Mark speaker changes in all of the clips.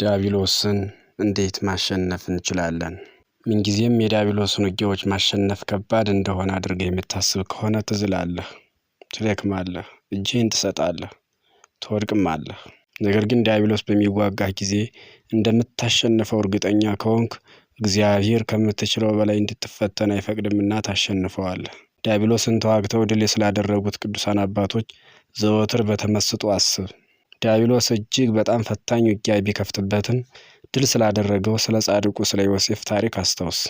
Speaker 1: ዲያብሎስን እንዴት ማሸነፍ እንችላለን? ምንጊዜም የዲያብሎስን ውጊያዎች ማሸነፍ ከባድ እንደሆነ አድርገህ የምታስብ ከሆነ ትዝላለህ ትደክማለህ እጅህን ትሰጣለህ ትወድቅማለህ ነገር ግን ዲያብሎስ በሚዋጋህ ጊዜ እንደምታሸንፈው እርግጠኛ ከሆንክ እግዚአብሔር ከምትችለው በላይ እንድትፈተን አይፈቅድምና ታሸንፈዋለህ። ዲያብሎስን ተዋግተው ድል ስላደረጉት ቅዱሳን አባቶች ዘወትር በተመስጦ አስብ። ዲያብሎስ እጅግ በጣም ፈታኝ ውጊያ ቢከፍትበትም ድል ስላደረገው ስለ ጻድቁ ስለ ዮሴፍ ታሪክ አስታውስ።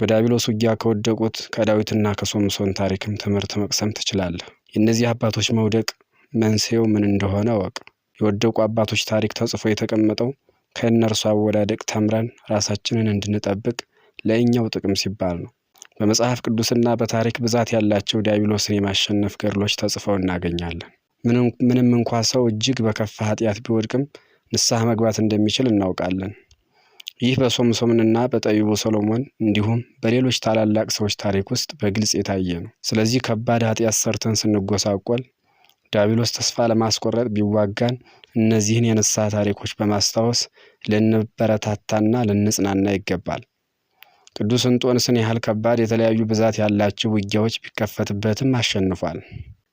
Speaker 1: በዲያብሎስ ውጊያ ከወደቁት ከዳዊትና ከሶምሶን ታሪክም ትምህርት መቅሰም ትችላለህ። የእነዚህ አባቶች መውደቅ መንስኤው ምን እንደሆነ እወቅ። የወደቁ አባቶች ታሪክ ተጽፎ የተቀመጠው ከእነርሱ አወዳደቅ ተምረን ራሳችንን እንድንጠብቅ ለእኛው ጥቅም ሲባል ነው። በመጽሐፍ ቅዱስና በታሪክ ብዛት ያላቸው ዲያብሎስን የማሸነፍ ገድሎች ተጽፈው እናገኛለን። ምንም እንኳ ሰው እጅግ በከፋ ኃጢአት ቢወድቅም ንስሐ መግባት እንደሚችል እናውቃለን። ይህ በሶምሶንና በጠቢቡ ሰሎሞን እንዲሁም በሌሎች ታላላቅ ሰዎች ታሪክ ውስጥ በግልጽ የታየ ነው። ስለዚህ ከባድ ኃጢአት ሰርተን ስንጎሳቆል ዲያብሎስ ተስፋ ለማስቆረጥ ቢዋጋን እነዚህን የንስሐ ታሪኮች በማስታወስ ልንበረታታና ልንጽናና ይገባል። ቅዱስ እንጦንስን ያህል ከባድ የተለያዩ ብዛት ያላቸው ውጊያዎች ቢከፈትበትም አሸንፏል።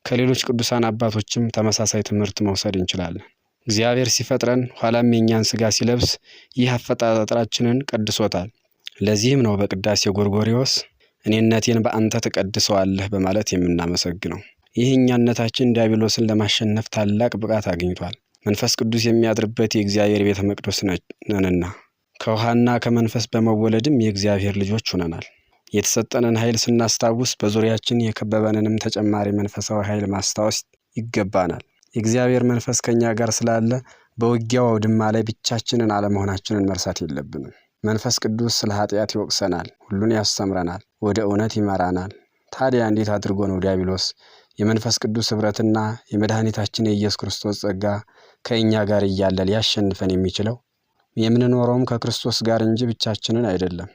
Speaker 1: ከሌሎች ቅዱሳን አባቶችም ተመሳሳይ ትምህርት መውሰድ እንችላለን። እግዚአብሔር ሲፈጥረን ኋላም የእኛን ስጋ ሲለብስ ይህ አፈጣጠራችንን ቀድሶታል። ለዚህም ነው በቅዳሴ ጎርጎሪዎስ እኔነቴን በአንተ ትቀድሰዋለህ በማለት የምናመሰግነው። ይህ እኛነታችን ዲያብሎስን ለማሸነፍ ታላቅ ብቃት አግኝቷል። መንፈስ ቅዱስ የሚያድርበት የእግዚአብሔር ቤተ መቅደስ ነንና ከውሃና ከመንፈስ በመወለድም የእግዚአብሔር ልጆች ሆነናል። የተሰጠንን ኃይል ስናስታውስ በዙሪያችን የከበበንንም ተጨማሪ መንፈሳዊ ኃይል ማስታወስ ይገባናል። የእግዚአብሔር መንፈስ ከእኛ ጋር ስላለ በውጊያው አውድማ ላይ ብቻችንን አለመሆናችንን መርሳት የለብንም። መንፈስ ቅዱስ ስለ ኃጢአት ይወቅሰናል፣ ሁሉን ያስተምረናል፣ ወደ እውነት ይመራናል። ታዲያ እንዴት አድርጎ ነው ዲያብሎስ የመንፈስ ቅዱስ ኅብረትና የመድኃኒታችን የኢየሱስ ክርስቶስ ጸጋ ከእኛ ጋር እያለ ሊያሸንፈን የሚችለው? የምንኖረውም ከክርስቶስ ጋር እንጂ ብቻችንን አይደለም።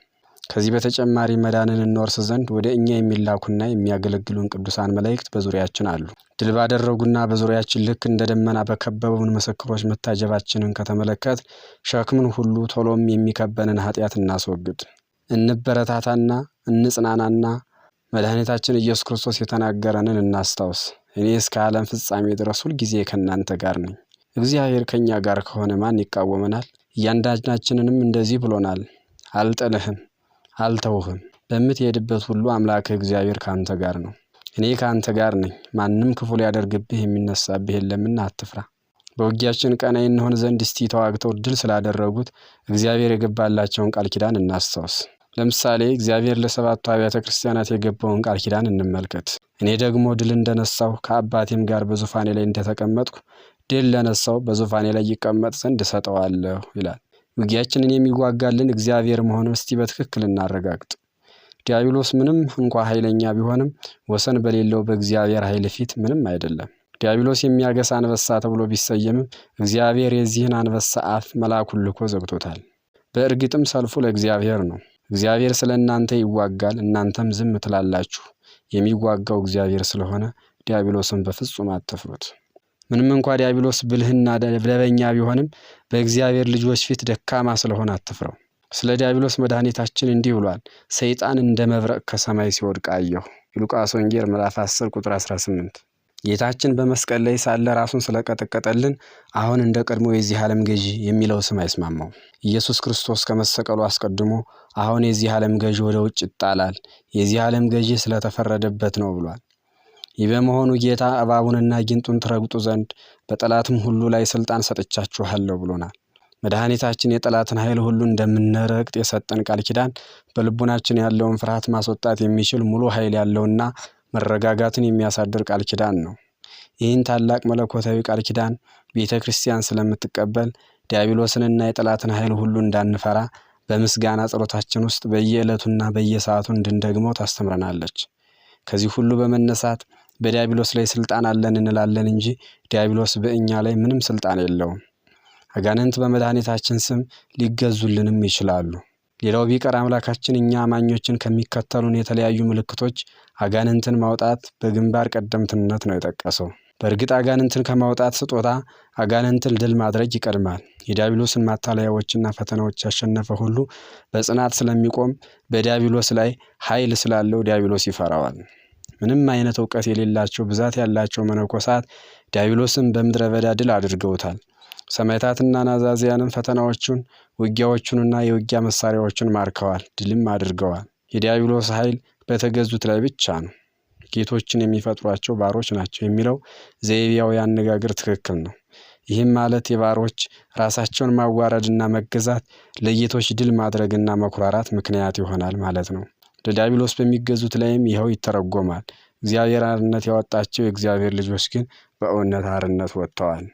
Speaker 1: ከዚህ በተጨማሪ መዳንን እንወርስ ዘንድ ወደ እኛ የሚላኩና የሚያገለግሉን ቅዱሳን መላእክት በዙሪያችን አሉ። ድል ባደረጉና በዙሪያችን ልክ እንደ ደመና በከበቡን ምስክሮች መታጀባችንን ከተመለከት ሸክምን ሁሉ ቶሎም የሚከበንን ኃጢአት እናስወግድ፣ እንበረታታና እንጽናናና መድኃኒታችን ኢየሱስ ክርስቶስ የተናገረንን እናስታውስ። እኔ እስከ ዓለም ፍጻሜ ድረስ ሁልጊዜ ከእናንተ ጋር ነኝ። እግዚአብሔር ከእኛ ጋር ከሆነ ማን ይቃወመናል? እያንዳንዳችንንም እንደዚህ ብሎናል፣ አልጥልህም አልተውህም በምትሄድበት ሁሉ አምላክህ እግዚአብሔር ከአንተ ጋር ነው። እኔ ከአንተ ጋር ነኝ፣ ማንም ክፉ ሊያደርግብህ የሚነሳብህ የለምና አትፍራ። በውጊያችን ቀናይ እንሆን ዘንድ እስቲ ተዋግተው ድል ስላደረጉት እግዚአብሔር የገባላቸውን ቃል ኪዳን እናስታውስ። ለምሳሌ እግዚአብሔር ለሰባቱ አብያተ ክርስቲያናት የገባውን ቃል ኪዳን እንመልከት። እኔ ደግሞ ድል እንደነሳሁ ከአባቴም ጋር በዙፋኔ ላይ እንደተቀመጥኩ ድል ለነሳው በዙፋኔ ላይ ይቀመጥ ዘንድ እሰጠዋለሁ ይላል። ውጊያችንን የሚዋጋልን እግዚአብሔር መሆኑን እስቲ በትክክል እናረጋግጥ። ዲያብሎስ ምንም እንኳ ኃይለኛ ቢሆንም ወሰን በሌለው በእግዚአብሔር ኃይል ፊት ምንም አይደለም። ዲያብሎስ የሚያገሳ አንበሳ ተብሎ ቢሰየምም እግዚአብሔር የዚህን አንበሳ አፍ መልአኩን ልኮ ዘግቶታል። በእርግጥም ሰልፉ ለእግዚአብሔር ነው። እግዚአብሔር ስለ እናንተ ይዋጋል፣ እናንተም ዝም ትላላችሁ። የሚዋጋው እግዚአብሔር ስለሆነ ዲያብሎስን በፍጹም አትፍሩት። ምንም እንኳ ዲያብሎስ ብልህና ለበኛ ቢሆንም በእግዚአብሔር ልጆች ፊት ደካማ ስለሆነ አትፍረው። ስለ ዲያብሎስ መድኃኒታችን እንዲህ ብሏል፣ ሰይጣን እንደ መብረቅ ከሰማይ ሲወድቅ አየሁ። የሉቃስ ወንጌል ምዕራፍ 10 ቁጥር 18። ጌታችን በመስቀል ላይ ሳለ ራሱን ስለቀጠቀጠልን አሁን እንደ ቀድሞ የዚህ ዓለም ገዢ የሚለው ስም አይስማማው። ኢየሱስ ክርስቶስ ከመሰቀሉ አስቀድሞ አሁን የዚህ ዓለም ገዢ ወደ ውጭ ይጣላል፣ የዚህ ዓለም ገዢ ስለተፈረደበት ነው ብሏል። ይህ በመሆኑ ጌታ እባቡንና ጊንጡን ትረግጡ ዘንድ በጠላትም ሁሉ ላይ ስልጣን ሰጥቻችኋለሁ ብሎናል። መድኃኒታችን የጠላትን ኃይል ሁሉ እንደምንረግጥ የሰጠን ቃል ኪዳን በልቡናችን ያለውን ፍርሃት ማስወጣት የሚችል ሙሉ ኃይል ያለውና መረጋጋትን የሚያሳድር ቃል ኪዳን ነው። ይህን ታላቅ መለኮታዊ ቃል ኪዳን ቤተ ክርስቲያን ስለምትቀበል ዲያብሎስንና የጠላትን ኃይል ሁሉ እንዳንፈራ በምስጋና ጸሎታችን ውስጥ በየዕለቱና በየሰዓቱ እንድንደግመው ታስተምረናለች። ከዚህ ሁሉ በመነሳት በዲያብሎስ ላይ ስልጣን አለን እንላለን እንጂ ዲያብሎስ በእኛ ላይ ምንም ስልጣን የለውም። አጋንንት በመድኃኒታችን ስም ሊገዙልንም ይችላሉ። ሌላው ቢቀር አምላካችን እኛ አማኞችን ከሚከተሉን የተለያዩ ምልክቶች አጋንንትን ማውጣት በግንባር ቀደምትነት ነው የጠቀሰው። በእርግጥ አጋንንትን ከማውጣት ስጦታ አጋንንትን ድል ማድረግ ይቀድማል። የዲያብሎስን ማታለያዎችና ፈተናዎች ያሸነፈ ሁሉ በጽናት ስለሚቆም በዲያብሎስ ላይ ኃይል ስላለው ዲያብሎስ ይፈራዋል። ምንም አይነት እውቀት የሌላቸው ብዛት ያላቸው መነኮሳት ዲያብሎስን በምድረ በዳ ድል አድርገውታል። ሰማዕታትና ናዛዚያንም ፈተናዎቹን፣ ውጊያዎቹንና የውጊያ መሳሪያዎቹን ማርከዋል፣ ድልም አድርገዋል። የዲያብሎስ ኃይል በተገዙት ላይ ብቻ ነው። ጌቶችን የሚፈጥሯቸው ባሮች ናቸው የሚለው ዘይቤያዊ አነጋገር ትክክል ነው። ይህም ማለት የባሮች ራሳቸውን ማዋረድና መገዛት ለጌቶች ድል ማድረግና መኩራራት ምክንያት ይሆናል ማለት ነው። ለዲያብሎስ በሚገዙት ላይም ይኸው ይተረጎማል። እግዚአብሔር አርነት ያወጣቸው የእግዚአብሔር ልጆች ግን በእውነት አርነት ወጥተዋል።